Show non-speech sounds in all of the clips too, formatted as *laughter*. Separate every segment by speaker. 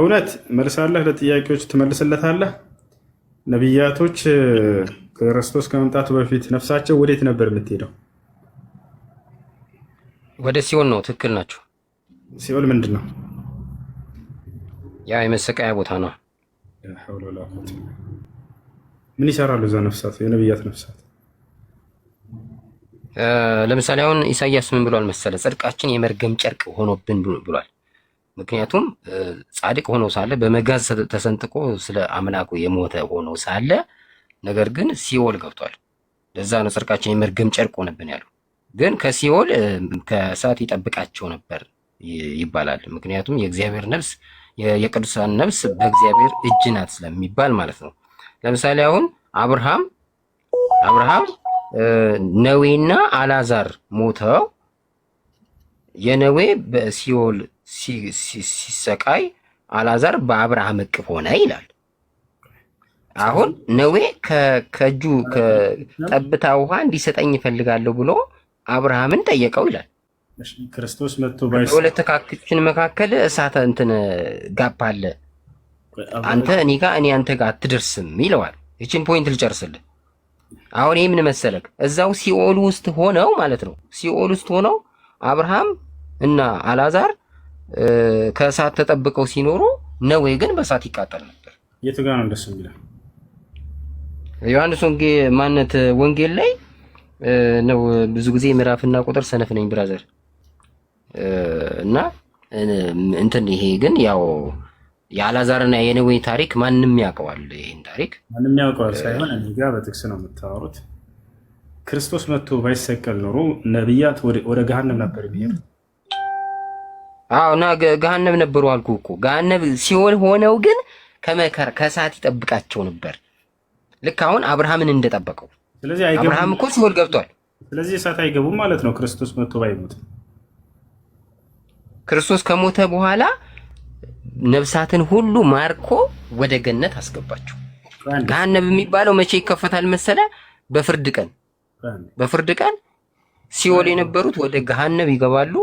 Speaker 1: እውነት መልሳለህ፣ ለጥያቄዎች ትመልስለታለህ። ነቢያቶች ክርስቶስ ከመምጣቱ በፊት ነፍሳቸው ወዴት ነበር የምትሄደው?
Speaker 2: ወደ ሲኦል ነው። ትክክል ናቸው። ሲኦል ምንድን ነው? ያ የመሰቃያ ቦታ ነው።
Speaker 1: ምን ይሰራሉ እዛ ነፍሳት፣ የነቢያት ነፍሳት?
Speaker 2: ለምሳሌ አሁን ኢሳያስ ምን ብሏል መሰለ፣ ጽድቃችን የመርገም ጨርቅ ሆኖብን ብሏል ምክንያቱም ጻድቅ ሆኖ ሳለ በመጋዝ ተሰንጥቆ ስለ አምላኩ የሞተ ሆኖ ሳለ ነገር ግን ሲኦል ገብቷል። ለዛ ነው ጽድቃችን የመርገም ጨርቅ ሆነብን ያሉ። ግን ከሲኦል ከእሳት ይጠብቃቸው ነበር ይባላል። ምክንያቱም የእግዚአብሔር ነፍስ የቅዱሳን ነፍስ በእግዚአብሔር እጅ ናት ስለሚባል ማለት ነው። ለምሳሌ አሁን አብርሃም አብርሃም ነዌና አላዛር ሞተው የነዌ በሲኦል ሲሰቃይ አላዛር በአብርሃም እቅፍ ሆነ ይላል። አሁን ነዌ ከእጁ ከጠብታ ውሃ እንዲሰጠኝ ይፈልጋለሁ ብሎ አብርሃምን ጠየቀው ይላል።
Speaker 1: ክርስቶስ መጥቶ በሁለት
Speaker 2: ካክችን መካከል እሳተ እንትን ጋፕ አለ። አንተ እኔ ጋ እኔ አንተ ጋር አትደርስም ይለዋል። ይችን ፖይንት ልጨርስልህ። አሁን ይህ ምን መሰለክ፣ እዛው ሲኦል ውስጥ ሆነው ማለት ነው። ሲኦል ውስጥ ሆነው አብርሃም እና አላዛር ከእሳት ተጠብቀው ሲኖሩ ነዌ ግን በእሳት ይቃጠል ነበር።
Speaker 1: የቱ ጋር ነው እንደሱ የሚለው?
Speaker 2: ዮሐንስ ወንጌ ማነት ወንጌል ላይ ነው ብዙ ጊዜ ምዕራፍና ቁጥር ሰነፍ ነኝ ብራዘር እና እንትን ይሄ ግን ያው የአላዛርና የነዌ ታሪክ ማንም ያውቀዋል። ይህን ታሪክ
Speaker 1: ማንም ያውቀዋል ሳይሆን እኔ ጋ በጥቅስ ነው የምታወሩት። ክርስቶስ መጥቶ ባይሰቀል ኖሮ ነቢያት ወደ ገሃነም ነበር የሚሄዱ
Speaker 2: አዎ እና ገሃነም ነበሩ አልኩ እኮ ገሃነም ሲሆን ሆነው ግን ከመከር ከእሳት ይጠብቃቸው ነበር። ልክ አሁን አብርሃምን እንደጠበቀው። ስለዚህ አብርሃም እኮ ሲወል ገብቷል።
Speaker 1: ስለዚህ እሳት አይገቡም ማለት ነው። ክርስቶስ መጥቶ ባይሞት
Speaker 2: ክርስቶስ ከሞተ በኋላ ነብሳትን ሁሉ ማርኮ ወደ ገነት አስገባቸው። ገሃነብ የሚባለው መቼ ይከፈታል መሰለ? በፍርድ ቀን። በፍርድ ቀን ሲኦል የነበሩት ወደ ገሃነም ይገባሉ።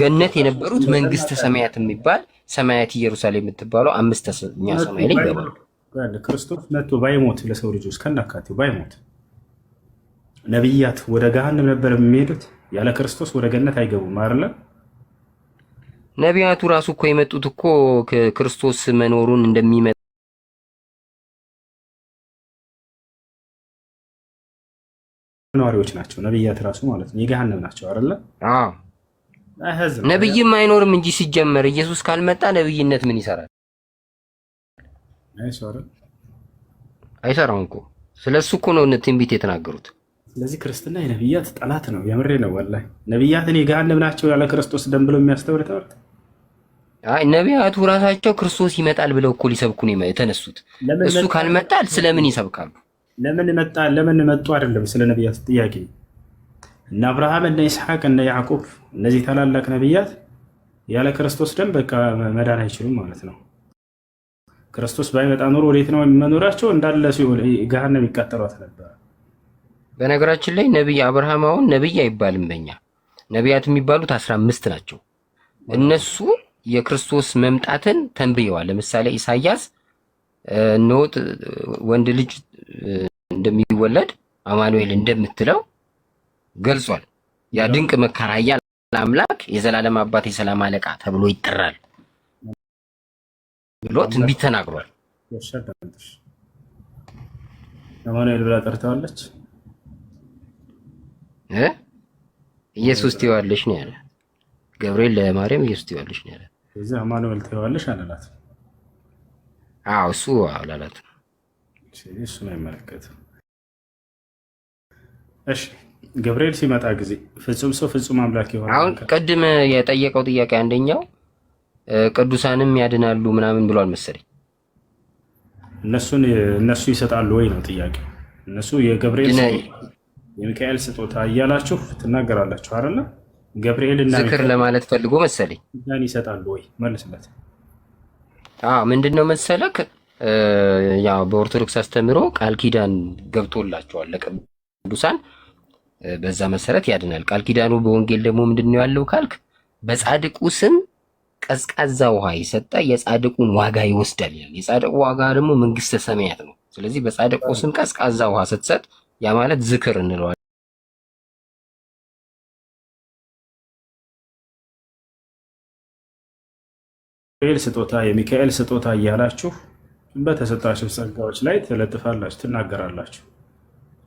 Speaker 2: ገነት የነበሩት መንግስተ ሰማያት የሚባል ሰማያት ኢየሩሳሌም የምትባለው አምስተኛ ሰማይ ላይ ይገባሉ።
Speaker 1: ክርስቶስ መቶ ባይሞት ለሰው ልጆች ከናካቴው ባይሞት ነቢያት ወደ ገሃንም ነበር የሚሄዱት። ያለ ክርስቶስ ወደ ገነት አይገቡም አይደለ?
Speaker 2: ነቢያቱ ራሱ እኮ የመጡት እኮ ክርስቶስ መኖሩን እንደሚመጣ
Speaker 1: ነዋሪዎች ናቸው። ነቢያት ራሱ ማለት ነው የገሃንም ናቸው አይደለ?
Speaker 2: ነብይም አይኖርም እንጂ ሲጀመር ኢየሱስ ካልመጣ ነብይነት ምን ይሰራል? አይሰራም እኮ ስለሱ እኮ ነው ትንቢት የተናገሩት።
Speaker 1: ስለዚህ ክርስትና የነብያት ጠላት ነው። የምሬ ነው ወላሂ። ነብያት እኔ ገሃነም ናቸው ያለ ክርስቶስ ደም ብሎ የሚያስተምር ትምህርት።
Speaker 2: አይ ነቢያቱ ራሳቸው ክርስቶስ ይመጣል ብለው እኮ ሊሰብኩ ነው የተነሱት። እሱ ካልመጣል ስለምን ይሰብካሉ?
Speaker 1: ለምን መጣ ለምን መጡ አይደለም ስለ ነቢያት ጥያቄ እነ አብርሃም እነ ይስሐቅ እነ ያዕቆብ እነዚህ ታላላቅ ነቢያት ያለ ክርስቶስ ደም በቃ መዳን አይችሉም ማለት ነው። ክርስቶስ ባይመጣ ኖሮ ወዴት ነው መኖራቸው? እንዳለ ሲሆን ገሃነም ይቃጠሏት ነበር።
Speaker 2: በነገራችን ላይ ነቢይ አብርሃም አሁን ነቢይ አይባልም በኛ ነቢያት የሚባሉት አስራ አምስት ናቸው። እነሱ የክርስቶስ መምጣትን ተንብየዋል። ለምሳሌ ኢሳያስ ኖት ወንድ ልጅ እንደሚወለድ አማኑኤል እንደምትለው ገልጿል። ያ ድንቅ መከራያ አምላክ የዘላለም አባት የሰላም አለቃ ተብሎ ይጠራል ብሎ ትንቢት ተናግሯል።
Speaker 1: አማኑኤል ብላ ጠርተዋለች።
Speaker 2: ኢየሱስ ትይዋለሽ ነው ያለ። ገብርኤል ለማርያም ኢየሱስ ትይዋለሽ ነው ያለ።
Speaker 1: እዚህ አማኑኤል ትይዋለሽ አላላት።
Speaker 2: አዎ እሱ አላላት።
Speaker 1: እሱ ነው የሚመለከተው። እሺ ገብርኤል ሲመጣ ጊዜ ፍጹም ሰው ፍጹም አምላክ ይሆናል።
Speaker 2: አሁን ቅድም የጠየቀው ጥያቄ አንደኛው ቅዱሳንም ያድናሉ ምናምን ብሏል መሰለኝ።
Speaker 1: እነሱን እነሱ ይሰጣሉ ወይ ነው ጥያቄ። እነሱ የገብርኤል የሚካኤል ስጦታ እያላችሁ ትናገራላችሁ አይደለ?
Speaker 2: ገብርኤል እና ዝክር ለማለት ፈልጎ መሰለኝ
Speaker 1: ይሰጣሉ ወይ መልስለት።
Speaker 2: ምንድን ነው መሰለክ፣ ያው በኦርቶዶክስ አስተምሮ ቃል ኪዳን ገብቶላቸዋል ለቅዱሳን በዛ መሰረት ያድናል። ቃል ኪዳኑ በወንጌል ደግሞ ምንድን ነው ያለው ካልክ በጻድቁ ስም ቀዝቃዛ ውሃ ይሰጣ የጻድቁን ዋጋ ይወስዳል ይላል። የጻድቁ ዋጋ ደግሞ መንግስተ ሰማያት ነው። ስለዚህ በጻድቁ ስም ቀዝቃዛ ውሃ ስትሰጥ ያ ማለት ዝክር እንለዋለን።
Speaker 1: ሚካኤል ስጦታ የሚካኤል ስጦታ እያላችሁ በተሰጣችሁ ጸጋዎች ላይ ትለጥፋላችሁ፣ ትናገራላችሁ።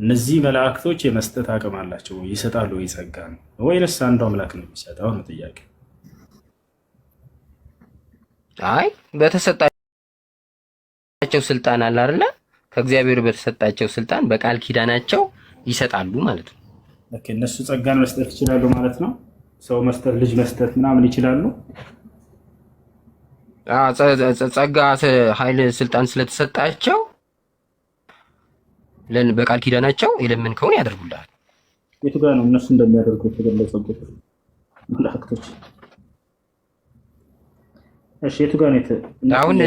Speaker 1: እነዚህ መላእክቶች የመስጠት አቅም አላቸው ወይ? ይሰጣሉ ወይ? ጸጋ ነው ወይንስ አንዱ አምላክ ነው የሚሰጠው? ነው ጥያቄ።
Speaker 2: አይ በተሰጣቸው ስልጣን አለ አይደለ? ከእግዚአብሔር በተሰጣቸው ስልጣን በቃል ኪዳናቸው ይሰጣሉ ማለት ነው።
Speaker 1: ኦኬ እነሱ ጸጋን መስጠት ይችላሉ ማለት ነው። ሰው መስጠት፣ ልጅ መስጠት ምናምን ይችላሉ።
Speaker 2: ጸጋ ኃይል፣ ስልጣን ስለተሰጣቸው በቃል ኪዳናቸው የለመንከውን ያደርጉልሃል።
Speaker 1: የቱ ጋር ነው እነሱ እንደሚያደርጉ የተገለጸበት መላእክቶች? እሺ የቱ ጋር ነው
Speaker 2: አሁን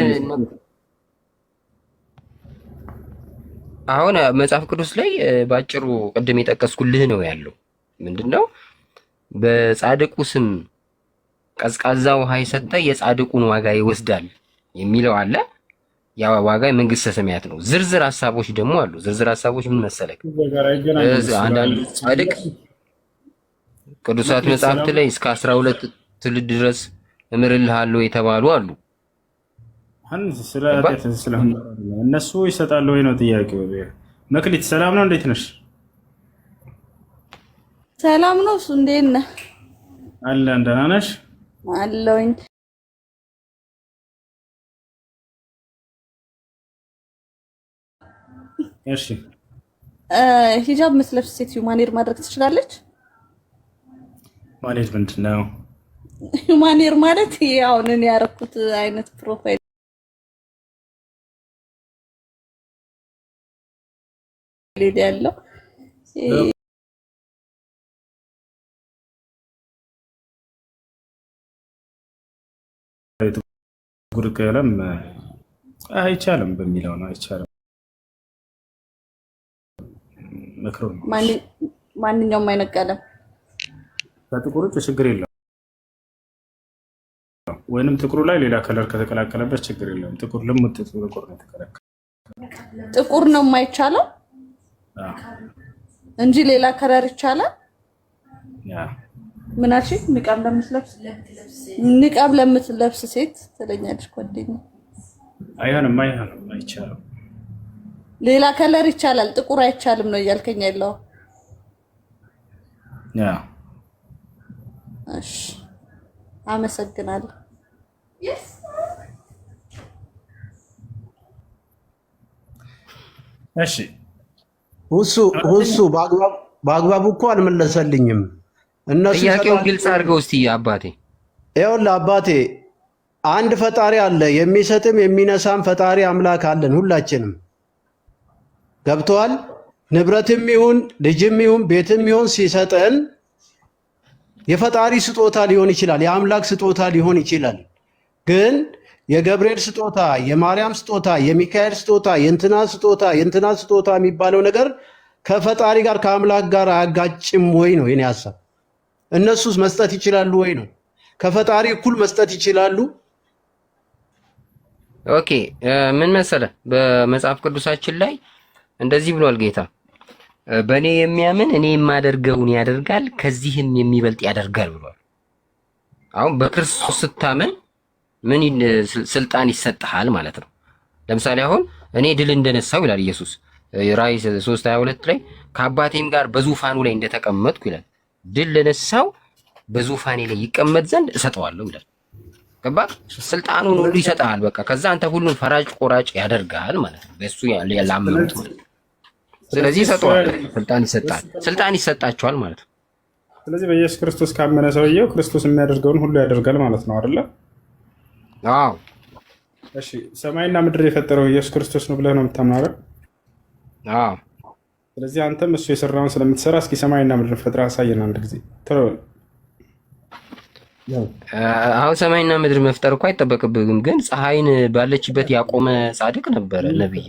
Speaker 2: አሁን መጽሐፍ ቅዱስ ላይ ባጭሩ ቅድም የጠቀስኩልህ ነው ያለው። ምንድነው? በጻድቁ ስም ቀዝቃዛ ውሃ የሰጠ የጻድቁን ዋጋ ይወስዳል የሚለው አለ። የዋጋ መንግስተ ሰማያት ነው። ዝርዝር ሀሳቦች ደግሞ አሉ። ዝርዝር ሀሳቦች ምን መሰለክ፣ አንዳንድ ጻድቅ ቅዱሳት መጽሐፍት ላይ እስከ አስራ ሁለት ትውልድ ድረስ እምርልሃለሁ የተባሉ አሉ።
Speaker 1: እነሱ ይሰጣሉ ወይ ነው ጥያቄው። መክሊት ሰላም ነው፣ እንዴት ነሽ?
Speaker 3: ሰላም ነው። እሱ እንዴት ነህ?
Speaker 1: አለን ደህና ነሽ? አለሁኝ እሺ
Speaker 3: ሂጃብ የምትለብስ ሴትዮ ማኔር ማድረግ ትችላለች?
Speaker 1: ማኔር ምንድን ነው?
Speaker 3: *laughs* ማኔር ማለት ያው እኔ ያደረኩት አይነት ፕሮፋይል ያለው
Speaker 1: ጉርቅለም አይቻልም በሚለው ነው አይቻልም
Speaker 3: ማንኛውም አይነት ቀለም
Speaker 1: ከጥቁር ውጭ ችግር የለም። ወይንም ጥቁሩ ላይ ሌላ ከለር ከተቀላቀለበት ችግር የለም። ጥቁር ልሙጥ ጥቁር ነው የተከለከለው።
Speaker 3: ጥቁር ነው የማይቻለው እንጂ ሌላ ከለር ይቻላል። ንቃብ ለምትለብስ ንቃብ ለምትለብስ ሴት ትለኛለች ጓደኛ።
Speaker 1: አይሆንም፣ አይሆንም፣ አይቻልም።
Speaker 3: ሌላ ከለር ይቻላል፣ ጥቁር አይቻልም ነው እያልከኝ ያለው? አመሰግናለሁ።
Speaker 1: እሺ፣
Speaker 4: ሁሱ ሁሱ በአግባቡ እኮ አልመለሰልኝም።
Speaker 2: እነሱ ጥያቄውን ግልጽ አድርገው እስቲ አባቴ።
Speaker 4: ይኸውልህ አባቴ አንድ ፈጣሪ አለ፣ የሚሰጥም የሚነሳም ፈጣሪ አምላክ አለን ሁላችንም ገብተዋል። ንብረትም ይሁን ልጅም ይሁን ቤትም ይሁን ሲሰጠን የፈጣሪ ስጦታ ሊሆን ይችላል፣ የአምላክ ስጦታ ሊሆን ይችላል። ግን የገብርኤል ስጦታ፣ የማርያም ስጦታ፣ የሚካኤል ስጦታ፣ የእንትና ስጦታ፣ የእንትና ስጦታ የሚባለው ነገር ከፈጣሪ ጋር ከአምላክ ጋር አያጋጭም ወይ ነው የኔ ሀሳብ። እነሱስ መስጠት ይችላሉ ወይ ነው? ከፈጣሪ እኩል መስጠት ይችላሉ?
Speaker 2: ኦኬ ምን መሰለ በመጽሐፍ ቅዱሳችን ላይ እንደዚህ ብሏል ጌታ በእኔ የሚያምን እኔ የማደርገውን ያደርጋል ከዚህም የሚበልጥ ያደርጋል ብሏል። አሁን በክርስቶስ ስታመን ምን ስልጣን ይሰጥሃል ማለት ነው። ለምሳሌ አሁን እኔ ድል እንደነሳው ይላል ኢየሱስ ራእይ 3 22 ላይ ከአባቴም ጋር በዙፋኑ ላይ እንደተቀመጥኩ ይላል። ድል ለነሳው በዙፋኔ ላይ ይቀመጥ ዘንድ እሰጠዋለሁ ይላል። ገባ? ስልጣኑን ሁሉ ይሰጥሃል። በቃ ከዛ አንተ ሁሉን ፈራጅ ቆራጭ ያደርጋል ማለት ነው። በእሱ ላመኑት ማለት ነው። ስለዚህ ይሰጠዋል፣ ስልጣን ይሰጣል፣ ስልጣን ይሰጣቸዋል ማለት ነው።
Speaker 1: ስለዚህ በኢየሱስ ክርስቶስ ካመነ ሰውየው ክርስቶስ የሚያደርገውን ሁሉ ያደርጋል ማለት ነው አይደለ? አዎ። እሺ፣ ሰማይና ምድር የፈጠረው ኢየሱስ ክርስቶስ ነው ብለህ ነው የምታምናረ? አዎ። ስለዚህ አንተም እሱ የሰራውን ስለምትሰራ እስኪ ሰማይና ምድር ፈጥረህ አሳየን አንድ ጊዜ።
Speaker 2: አሁን ሰማይና ምድር መፍጠር እኮ አይጠበቅብህም፣ ግን ፀሐይን ባለችበት ያቆመ ጻድቅ ነበረ ነብይ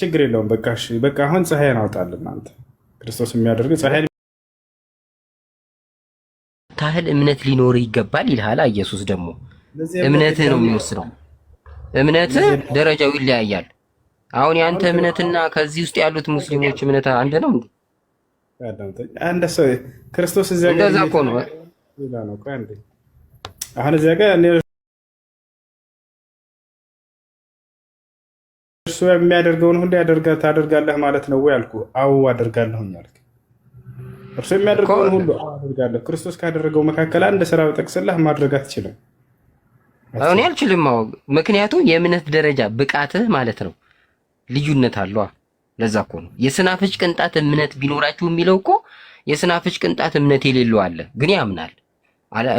Speaker 1: ችግር የለውም። በቃ በቃ አሁን ፀሐይን አውጣልን። አንተ ክርስቶስ የሚያደርገው ፀሐይን
Speaker 2: ታህል እምነት ሊኖር ይገባል ይልሃል። ኢየሱስ ደግሞ እምነት ነው የሚወስነው። እምነት ደረጃው ይለያያል። አሁን የአንተ እምነትና ከዚህ ውስጥ ያሉት ሙስሊሞች እምነት አንድ ነው እንዴ?
Speaker 1: አንድ ሰው ክርስቶስ እዚያ
Speaker 2: ጋር ነው።
Speaker 1: አሁን እዚያ ጋር እሱ የሚያደርገውን ሁሉ ታደርጋለህ ማለት ነው ወይ አልኩ። አዎ አደርጋለሁኝ አልክ። እርሱ የሚያደርገውን ሁሉ አደርጋለሁ። ክርስቶስ ካደረገው መካከል አንድ ስራ ጠቅስላህ ማድረግ አትችልም።
Speaker 2: እኔ አልችልም። አዎ ምክንያቱ የእምነት ደረጃ ብቃትህ ማለት ነው ልዩነት አለዋ። ለዛ እኮ ነው የስናፍጭ ቅንጣት እምነት ቢኖራችሁ የሚለው እኮ የስናፍጭ ቅንጣት እምነት የሌለው አለ፣ ግን ያምናል።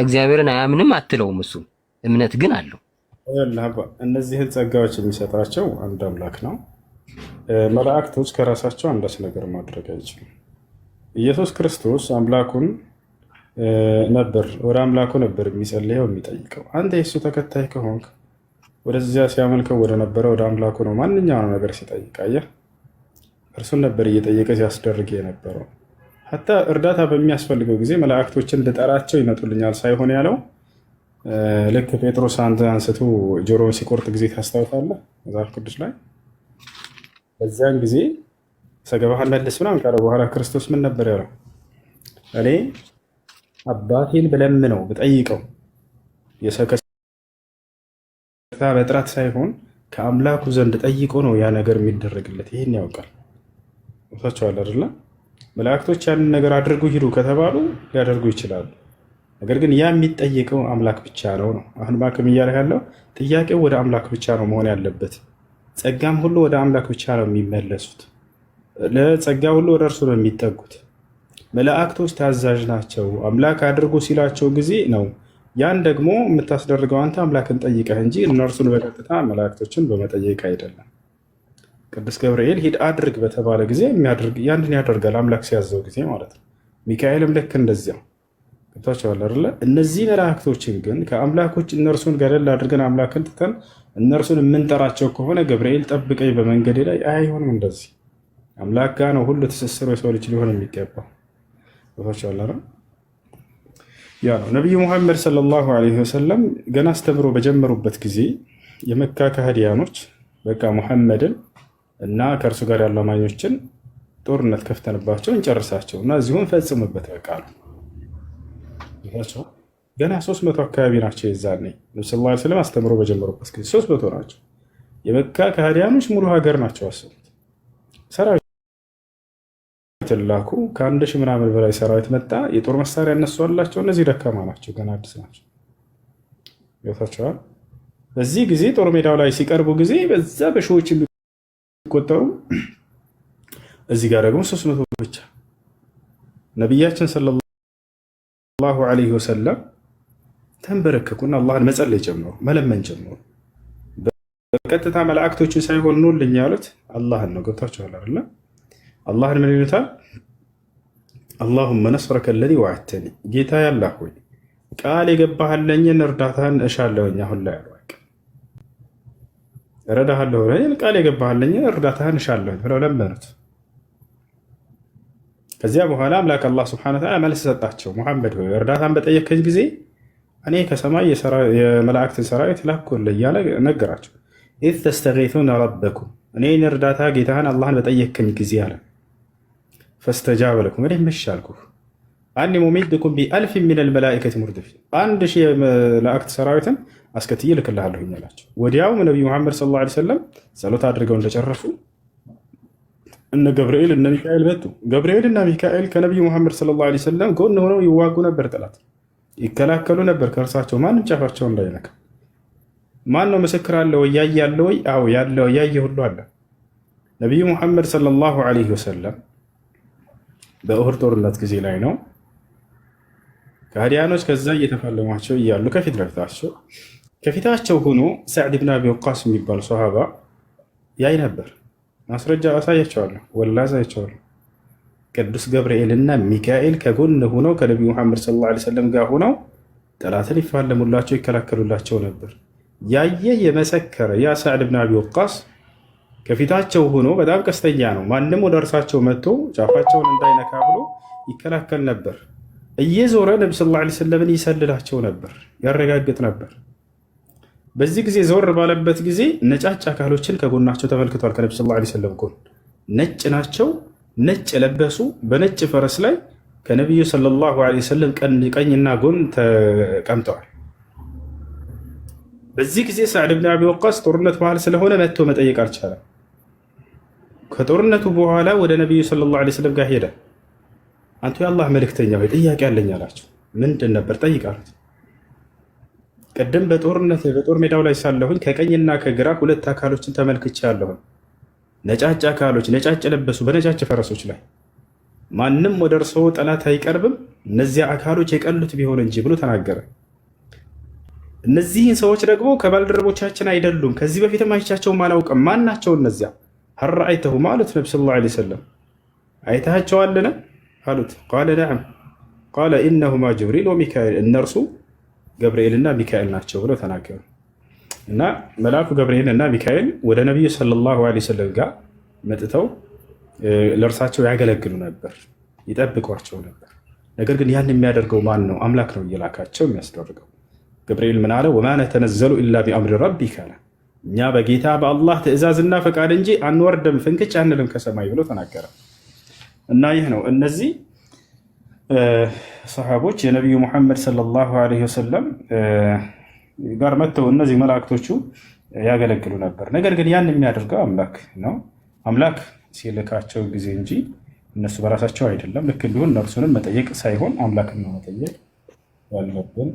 Speaker 2: እግዚአብሔርን አያምንም አትለውም። እሱ እምነት ግን አለው
Speaker 1: እነዚህን ጸጋዎች የሚሰጣቸው አንድ አምላክ ነው። መላእክቶች ከራሳቸው አንዳች ነገር ማድረግ አይችሉም። ኢየሱስ ክርስቶስ አምላኩን ነበር ወደ አምላኩ ነበር የሚጸልየው የሚጠይቀው። አንተ የእሱ ተከታይ ከሆንክ ወደዚያ ሲያመልከው ወደ ነበረ ወደ አምላኩ ነው ማንኛውም ነገር ሲጠይቅ አየህ። እርሱን ነበር እየጠየቀ ሲያስደርግ የነበረው። ሀታ እርዳታ በሚያስፈልገው ጊዜ መላእክቶችን ልጠራቸው ይመጡልኛል ሳይሆን ያለው ልክ ጴጥሮስ አንድ አንስቶ ጆሮ ሲቆርጥ ጊዜ ታስታውታለ መጽሐፍ ቅዱስ ላይ በዚያን ጊዜ ሰገባህን መልስ ምናምን ካለ በኋላ ክርስቶስ ምን ነበር ያለው? እኔ አባቴን ብለምነው ብጠይቀው የሰከስታ በጥራት ሳይሆን ከአምላኩ ዘንድ ጠይቆ ነው ያ ነገር የሚደረግለት። ይህን ያውቃል ቦታቸዋል አይደለ? መላእክቶች ያንን ነገር አድርጉ ሂዱ ከተባሉ ሊያደርጉ ይችላሉ። ነገር ግን ያ የሚጠየቀው አምላክ ብቻ ነው ነው አሁን ባክም እያለ ያለው ጥያቄው ወደ አምላክ ብቻ ነው መሆን ያለበት። ጸጋም ሁሉ ወደ አምላክ ብቻ ነው የሚመለሱት። ለጸጋ ሁሉ ወደ እርሱ ነው የሚጠጉት። መላእክቶች ታዛዥ ናቸው። አምላክ አድርጉ ሲላቸው ጊዜ ነው። ያን ደግሞ የምታስደርገው አንተ አምላክን ጠይቀህ እንጂ እነርሱን በቀጥታ መላእክቶችን በመጠየቅ አይደለም። ቅዱስ ገብርኤል ሂድ አድርግ በተባለ ጊዜ ያንን ያደርጋል አምላክ ሲያዘው ጊዜ ማለት ነው። ሚካኤልም ልክ እንደዚያው ታቸዋል አይደለ? እነዚህ መላእክቶችን ግን ከአምላኮች እነርሱን ገደል አድርገን አምላክን ትተን እነርሱን የምንጠራቸው ከሆነ ገብርኤል ጠብቀኝ በመንገዴ ላይ አይሆንም። እንደዚህ አምላክ ጋ ነው ሁሉ ትስስሩ የሰው ልጅ ሊሆን የሚገባው። ታቸዋል አይደል? ያ ነው ነቢዩ ሙሐመድ ሰለላሁ ዐለይሂ ወሰለም ገና አስተምሮ በጀመሩበት ጊዜ የመካ ከሃዲያኖች በቃ ሙሐመድን እና ከእርሱ ጋር ያሉ አማኞችን ጦርነት ከፍተንባቸው እንጨርሳቸው እና እዚሁን ፈጽሙበት በቃ ነው ናቸው። ገና ሶስት መቶ አካባቢ ናቸው። የዛኔ ነቢ ስላ ስለም አስተምሮ በጀመሩበት ጊዜ ሶስት መቶ ናቸው። የመካ ከሃዲያኖች ሙሉ ሀገር ናቸው። አስቡት፣ ሰራዊት ላኩ። ከአንድ ሺህ ምናምን በላይ ሰራዊት መጣ። የጦር መሳሪያ እነሱ አላቸው። እነዚህ ደካማ ናቸው፣ ገና አዲስ ናቸው። ይወታቸዋል። በዚህ ጊዜ ጦር ሜዳው ላይ ሲቀርቡ ጊዜ በዛ በሺዎች የሚቆጠሩ እዚህ ጋር ደግሞ ሶስት መቶ ብቻ ነቢያችን አላሁ አለይሂ ወሰለም ተንበረከኩና አላህን መጸለይ ጀምሩ፣ መለመን ጀምሩ። በቀጥታ መላእክቶችን ሳይሆን ኑልኝ ያሉት አላህን ነው። ገብታችኋል አይደለ? አላህን ምን ይሉታል? አላሁመ ነስረከ ለዚ ዋዕተኒ፣ ጌታ ያላህ ሆይ ቃል የገባህለኝን እርዳታን እሻለሁኝ። አሁን ላይ ያሉ እረዳሃለሁ ቃል የገባህለኝን እርዳታህን እሻለሁኝ ብለው ለመኑት። ከዚያ በኋላ አምላክ አላህ ስብሐነሁ ወተዓላ መልስ ሰጣቸው። ሙሐመድ ሆይ እርዳታን በጠየቅህ ጊዜ እኔ ከሰማይ የመላእክትን ሰራዊት ላኩልህ እያለ ነገራቸው። ኢዝ ተስተጊሱነ ረበኩም እኔን እርዳታ ጌታህን አላህን በጠየቅክም ጊዜ አለ ፈስተጃበ ለኩም እኔ መሽ አልኩህ። አኒ ሙሚድኩም ቢአልፍ ሚን አልመላኢከት ሙርድፊን አንድ ሺህ የመላእክት ሰራዊትን አስከትዬ እልክልሃለሁ አላቸው። ወዲያውም ነቢዩ ሙሐመድ ሰለላሁ ዓለይሂ ወሰለም ጸሎት አድርገው እንደጨረሱ እነ ገብርኤል እነ ሚካኤል መጡ። ገብርኤል እና ሚካኤል ከነቢዩ ሙሐመድ ሰለላሁ ዓለይሂ ወሰለም ጎን ሆነው ይዋጉ ነበር፣ ጠላት ይከላከሉ ነበር። ከእርሳቸው ማንም ጫፋቸው እንዳይነካ። ማን ነው ምስክር አለ ወይ? ያየ ያለ ወይ? አዎ ያለ ያየ ሁሉ አለ። ነቢዩ ሙሐመድ ሰለላሁ ዓለይሂ ወሰለም በኡሁድ ጦርነት ጊዜ ላይ ነው ከሃዲያኖች ከዛ እየተፋለሟቸው እያሉ ከፊት ለፊታቸው ከፊታቸው ሆኖ ሳዕድ ብን አቢ ወቃስ የሚባል ሶሃባ ያይ ነበር ማስረጃ አሳያቸዋለሁ፣ ወላ አሳያቸዋለሁ። ቅዱስ ገብርኤልና ሚካኤል ከጎን ሆነው ከነቢዩ መሐመድ ስለ ላ ሰለም ጋር ሆነው ጠላትን ይፋለሙላቸው፣ ይከላከሉላቸው ነበር። ያየ የመሰከረ ያ ሳዕድ ብን አቢ ወቃስ ከፊታቸው ሆኖ በጣም ቀስተኛ ነው። ማንም ወደ እርሳቸው መጥቶ ጫፋቸውን እንዳይነካ ብሎ ይከላከል ነበር። እየዞረ ነቢ ስ ላ ሰለምን ይሰልላቸው ነበር፣ ያረጋግጥ ነበር። በዚህ ጊዜ ዘወር ባለበት ጊዜ ነጫጭ አካሎችን ከጎናቸው ተመልክቷል። ከነቢ ስ ላ ሰለም ጎን ነጭ ናቸው፣ ነጭ የለበሱ በነጭ ፈረስ ላይ ከነቢዩ ሰለላሁ ዐለይሂ ሰለም ቀኝና ጎን ተቀምጠዋል። በዚህ ጊዜ ሳዕድ ብን አቢ ወቃስ ጦርነት መሃል ስለሆነ መጥቶ መጠየቅ አልቻለም። ከጦርነቱ በኋላ ወደ ነቢዩ ሰለላሁ ዐለይሂ ወሰለም ጋር ሄደ። አንቱ የአላህ መልእክተኛ ሆይ ጥያቄ አለኝ አላቸው። ምንድን ነበር? ጠይቃሉት ቅድም በጦርነት በጦር ሜዳው ላይ ሳለሁኝ ከቀኝና ከግራ ሁለት አካሎችን ተመልክቼ ያለሁኝ ነጫጭ አካሎች ነጫጭ ለበሱ በነጫጭ ፈረሶች ላይ ማንም ወደ እርስዎ ጠላት አይቀርብም እነዚያ አካሎች የቀሉት ቢሆን እንጂ ብሎ ተናገረ። እነዚህን ሰዎች ደግሞ ከባልደረቦቻችን አይደሉም፣ ከዚህ በፊትም አይቻቸውም አላውቅም። ማን ናቸው እነዚያ? ሀል ረአይተሁም አሉት ነቢ ሰለላሁ ዐለይሂ ወሰለም አይተሃቸዋልን? አሉት ቃለ ነዓም ቃለ ኢነሁማ ጅብሪል ወሚካኤል እነርሱ ገብርኤልና ሚካኤል ናቸው ብለው ተናገሩ እና መልአኩ ገብርኤል እና ሚካኤል ወደ ነቢዩ ሰለላሁ ዐለይሂ ወሰለም ጋር መጥተው ለእርሳቸው ያገለግሉ ነበር፣ ይጠብቋቸው ነበር። ነገር ግን ያን የሚያደርገው ማን ነው? አምላክ ነው እየላካቸው የሚያስደርገው። ገብርኤል ምን አለ? ወማ ነተነዘሉ ኢላ ቢአምሪ ረቢክ አለ። እኛ በጌታ በአላህ ትእዛዝና ፈቃድ እንጂ አንወርድም፣ ፍንክች አንልም ከሰማይ ብሎ ተናገረ እና ይህ ነው እነዚህ ሰሓቦች የነቢዩ ሙሐመድ ሰለላሁ ዓለይሂ ወሰለም ጋር መጥተው እነዚህ መላእክቶቹ ያገለግሉ ነበር። ነገር ግን ያን የሚያደርገው አምላክ ነው። አምላክ ሲልካቸው ጊዜ እንጂ እነሱ በራሳቸው አይደለም። ልክ እንዲሁን እነርሱንም መጠየቅ ሳይሆን አምላክን መጠየቅ ያለብን።